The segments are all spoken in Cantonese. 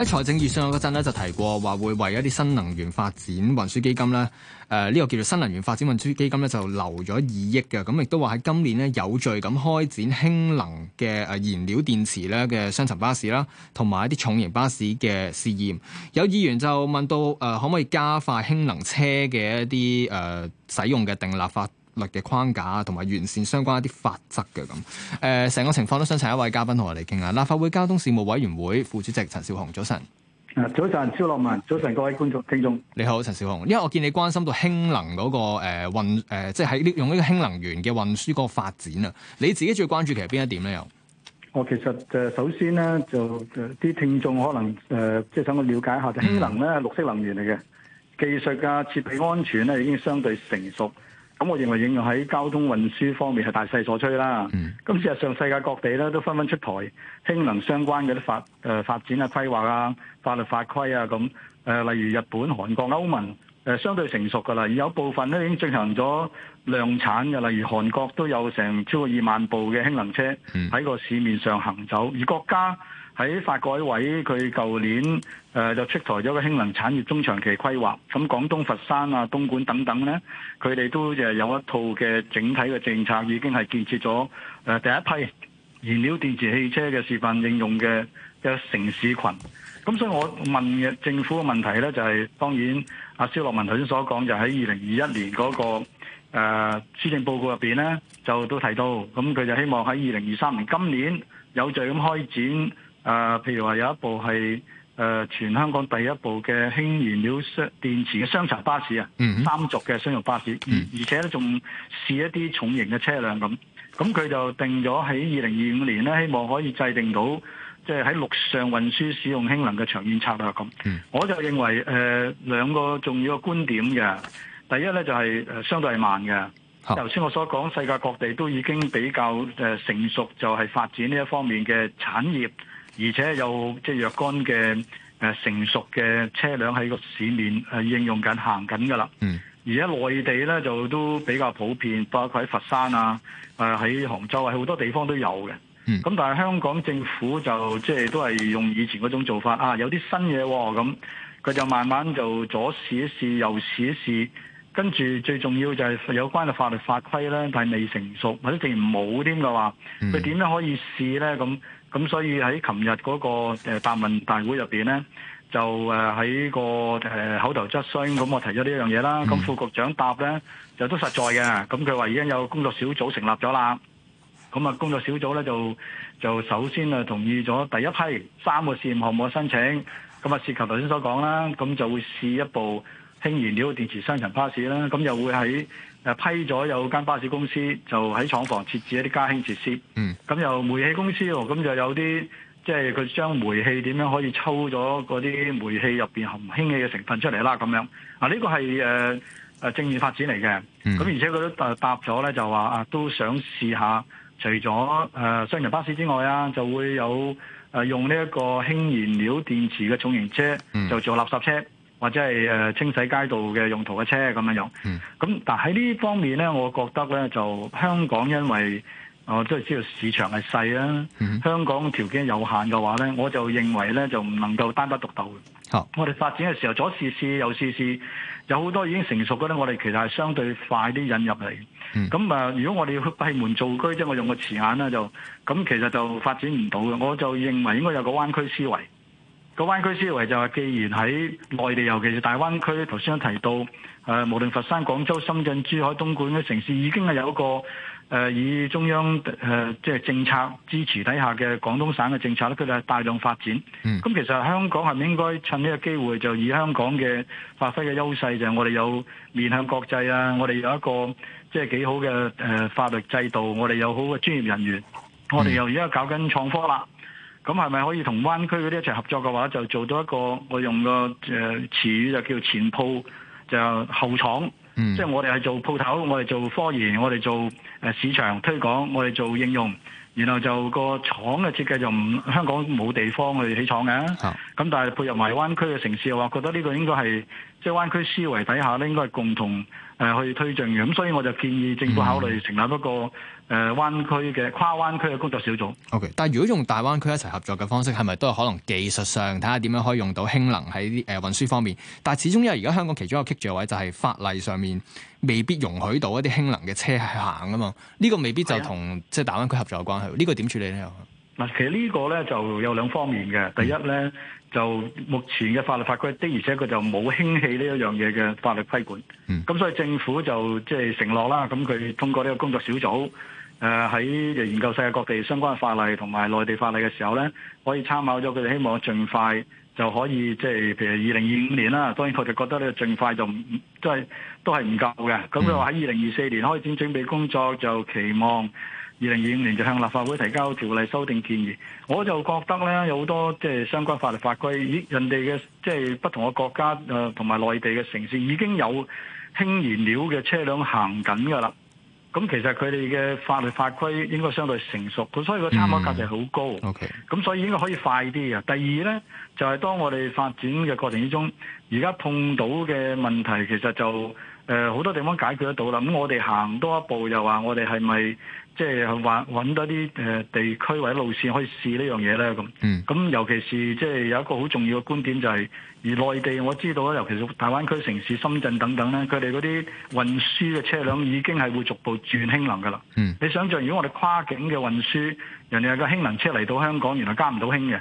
喺財政預算嗰陣咧，就提過話會為一啲新能源發展運輸基金咧，誒、呃、呢、這個叫做新能源發展運輸基金咧，就留咗二億嘅。咁亦都話喺今年咧有序咁開展氫能嘅燃料電池咧嘅雙層巴士啦，同埋一啲重型巴士嘅試驗。有議員就問到誒、呃，可唔可以加快氫能車嘅一啲誒、呃、使用嘅定立法？嘅框架同埋完善相關一啲法則嘅咁。誒、呃，成個情況都想請一位嘉賓同我哋傾下。立法會交通事務委員會副主席陳紹雄，早晨。早晨，超樂文，早晨，各位觀眾聽眾。你好，陳紹雄。因為我見你關心到氫能嗰、那個誒運、呃呃、即係喺用呢個氫能源嘅運輸個發展啊，你自己最關注其實邊一點咧？又我其實誒、呃，首先呢，就啲、呃、聽眾可能誒、呃，即係想我了解下，就氫能咧係綠色能源嚟嘅，技術啊、設備安全咧、啊、已經相對成熟。咁我認為應用喺交通運輸方面係大勢所趨啦。咁事實上世界各地咧都紛紛出台氫能相關嘅啲法誒發展啊、規劃啊、法律法規啊咁誒，例如日本、韓國、歐盟。誒相對成熟㗎啦，而有部分咧已經進行咗量產嘅，例如韓國都有成超過二萬部嘅氫能車喺個市面上行走。而國家喺發改委佢舊年誒就出台咗個氫能產業中長期規劃。咁廣東佛山啊、東莞等等呢，佢哋都有一套嘅整體嘅政策，已經係建設咗誒第一批燃料電池汽車嘅示範應用嘅一個城市群。咁所以，我問嘅政府嘅問題咧，就係、是、當然，阿蕭樂文頭先所講，就喺二零二一年嗰、那個施政、呃、報告入面咧，就都提到，咁佢就希望喺二零二三年今年有序咁開展誒、呃，譬如話有一部係誒、呃、全香港第一部嘅氫燃料電池嘅雙層巴士啊，三軸嘅商用巴士，mm -hmm. 而且咧仲試一啲重型嘅車輛咁，咁佢就定咗喺二零二五年咧，希望可以制定到。即係喺陸上運輸使用氫能嘅長遠策略咁、嗯，我就認為誒、呃、兩個重要嘅觀點嘅。第一咧就係、是、誒相對慢嘅。頭先我所講，世界各地都已經比較誒成熟，就係、是、發展呢一方面嘅產業，而且有即係、就是、若干嘅誒、呃、成熟嘅車輛喺個市面誒應用緊行緊㗎啦。而家內地咧就都比較普遍，包括喺佛山啊、誒、呃、喺杭州啊，好多地方都有嘅。咁但係香港政府就即係都係用以前嗰種做法啊，有啲新嘢喎咁，佢就慢慢就左試一試，右試一試，跟住最重要就係有關嘅法律法規咧，但係未成熟或者淨係冇添嘅話，佢點樣可以試咧？咁咁所以喺琴日嗰個誒答問大會入邊咧，就誒喺個誒口頭質詢咁，我提咗呢一樣嘢啦。咁副局長答咧就都實在嘅，咁佢話已經有工作小組成立咗啦。咁啊，工作小組咧就就首先啊同意咗第一批三個試驗項目嘅申請。咁啊，涉及頭先所講啦，咁就會試一部氫燃料電池雙層巴士啦。咁又會喺批咗有間巴士公司，就喺廠房設置一啲加氫設施。嗯。咁由煤氣公司喎，咁就有啲即係佢將煤氣點樣可以抽咗嗰啲煤氣入面含氫氣嘅成分出嚟啦。咁樣啊，呢個係誒誒正面發展嚟嘅。咁、嗯、而且佢都答咗咧，就話啊都想試下。除咗誒雙層巴士之外啊，就會有誒用呢一個氫燃料電池嘅重型車，就做垃圾車或者係誒清洗街道嘅用途嘅車咁樣樣，嗯，咁但喺呢方面呢，我覺得呢就香港因為。我都係知道市場係細啦，香港條件有限嘅話咧，我就認為咧就唔能夠單打獨鬥嘅。Oh. 我哋發展嘅時候左試試右試試，有好多已經成熟嘅咧，我哋其實係相對快啲引入嚟。咁啊，如果我哋去閉門造車，即係我用個詞眼咧，就咁其實就發展唔到嘅。我就認為應該有個灣區思維。個灣區思維就係既然喺內地，尤其是大灣區，頭先有提到，誒、啊，無論佛山、廣州、深圳、珠海、東莞嘅城市，已經係有一個誒、呃，以中央誒、呃，即係政策支持底下嘅廣東省嘅政策咧，佢哋係大量發展。咁、嗯、其實香港係咪應該趁呢個機會，就以香港嘅發揮嘅優勢，就係、我哋有面向國際啊，我哋有一個即係幾好嘅誒、呃、法律制度，我哋有好嘅專業人員，嗯、我哋又而家搞緊創科啦。咁係咪可以同灣區嗰啲一齊合作嘅話，就做到一個我用個誒詞語就叫前鋪就後廠，嗯、即係我哋係做鋪頭，我哋做科研，我哋做誒市場推廣，我哋做應用，然後就個廠嘅設計就唔香港冇地方去起廠嘅，咁、嗯、但係配入埋灣區嘅城市嘅話，我覺得呢個應該係即係灣區思維底下咧，應該係共同。誒、呃、去推進嘅，咁所以我就建議政府考慮成立一個誒、呃、灣區嘅跨灣區嘅工作小組。O、okay, K，但如果用大灣區一齊合作嘅方式，係咪都係可能技術上睇下點樣可以用到氫能喺啲運運輸方面？但始終因為而家香港其中一個棘著位就係法例上面未必容許到一啲氫能嘅車行啊嘛，呢、這個未必就同即係大灣區合作有關係。呢、這個點處理呢？嗱，其實這個呢個咧就有兩方面嘅。第一咧，就目前嘅法律法規的，而且佢就冇興起呢一樣嘢嘅法律規管。咁、嗯、所以政府就即係、就是、承諾啦。咁佢通過呢個工作小組，誒、呃、喺研究世界各地相關嘅法例同埋內地法例嘅時候咧，可以參考咗佢哋希望盡快就可以即係、就是、譬如二零二五年啦。當然佢哋覺得咧盡快就唔即係都係唔夠嘅。咁佢就喺二零二四年開展準備工作，就期望。二零二五年就向立法會提交條例修訂建議，我就覺得咧有好多即係相關法律法規，咦人哋嘅即係不同嘅國家啊，同埋內地嘅城市已經有氫燃料嘅車輛行緊㗎啦。咁其實佢哋嘅法律法規應該相對成熟，佢所以個參考價值好高。咁、嗯 okay。所以應該可以快啲嘅。第二咧就係、是、當我哋發展嘅過程之中，而家碰到嘅問題其實就誒好、呃、多地方解決得到啦。咁我哋行多一步，又話我哋係咪？即係話揾多啲誒地區或者路線可以試呢樣嘢咧咁。咁、嗯、尤其是即係有一個好重要嘅觀點就係、是，而內地我知道啦，尤其是大灣區城市深圳等等咧，佢哋嗰啲運輸嘅車輛已經係會逐步轉氫能嘅啦、嗯。你想象如果我哋跨境嘅運輸，人哋個氫能車嚟到香港，原來加唔到氫嘅。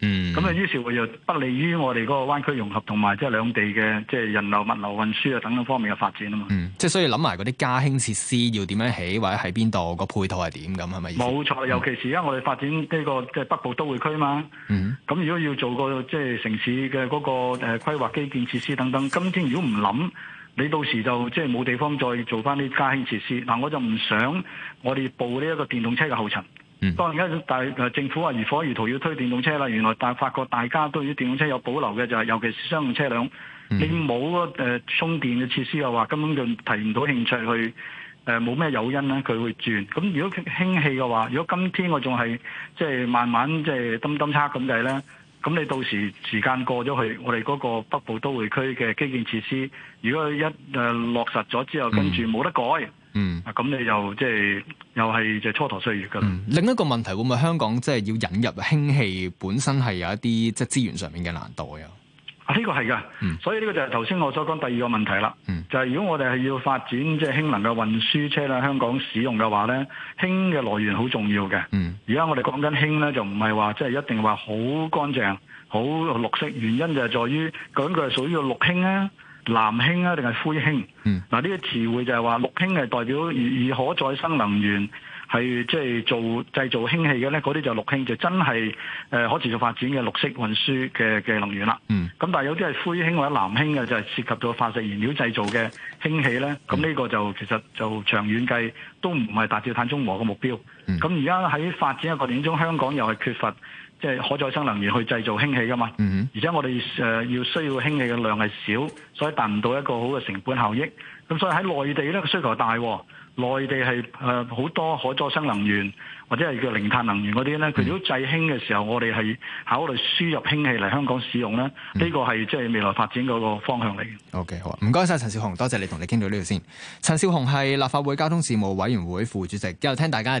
嗯，咁啊，於是乎又不利於我哋嗰個灣區融合同埋即係兩地嘅即係人流、物流、運輸啊等等方面嘅發展啊嘛。嗯，即係所以諗埋嗰啲加氫設施要點樣起，或者喺邊度個配套係點咁，係咪？冇錯，尤其是而家我哋發展呢個即係北部都會區嘛。嗯，咁如果要做個即係城市嘅嗰個規劃、基建、設施等等，今天如果唔諗，你到時就即係冇地方再做翻啲加氫設施。嗱，我就唔想我哋步呢一個電動車嘅後塵。當、嗯、家政府話如火如荼要推電動車啦，原來但係發覺大家對電動車有保留嘅，就係，尤其是商用車輛，嗯、你冇誒充電嘅設施嘅話，根本就提唔到興趣去誒，冇咩誘因咧，佢會轉。咁如果興氣嘅話，如果今天我仲係即係慢慢即係掙掙差咁計咧，咁你到時時間過咗去，我哋嗰個北部都會區嘅基建設施，如果一誒、呃、落實咗之後，跟住冇得改。嗯嗯，咁你又即係、就是、又係即係蹉跎歲月噶啦、嗯。另一個問題會唔會香港即係、就是、要引入氫氣本身係有一啲即係資源上面嘅難度啊？呢、呢個係噶、嗯，所以呢個就係頭先我所講第二個問題啦、嗯。就係、是、如果我哋係要發展即係、就是、氫能嘅運輸車啦，香港使用嘅話咧，氫嘅來源好重要嘅。而、嗯、家我哋講緊氫咧，就唔係話即係一定話好乾淨、好綠色，原因就係在於究竟佢係屬於綠氫啊。藍氫啊，定係灰氫？嗱、嗯，呢個詞彙就係話綠氫係代表以，以可再生能源係即係做製造氫氣嘅呢嗰啲就綠氫就真係誒、呃、可持續發展嘅綠色運輸嘅嘅能源啦。咁、嗯、但係有啲係灰氫或者藍氫嘅，就係、是、涉及到化石燃料製造嘅氫氣呢，咁呢個就、嗯、其實就長遠計都唔係達至碳中和嘅目標。咁而家喺發展一個點中，香港又係缺乏即、就、係、是、可再生能源去製造氫氣噶嘛、嗯，而且我哋誒要需要氫氣嘅量係少，所以達唔到一個好嘅成本效益。咁所以喺內地咧個需求大，內地係誒好多可再生能源或者係叫零碳能源嗰啲咧，佢如果製氫嘅時候，我哋係考慮輸入氫氣嚟香港使用咧，呢個係即係未來發展嗰個方向嚟嘅。OK，好啊，唔該晒陳紹雄，多謝你同你傾到呢度先。陳紹雄係立法會交通事務委員會副主席，又聽大家嘅電話。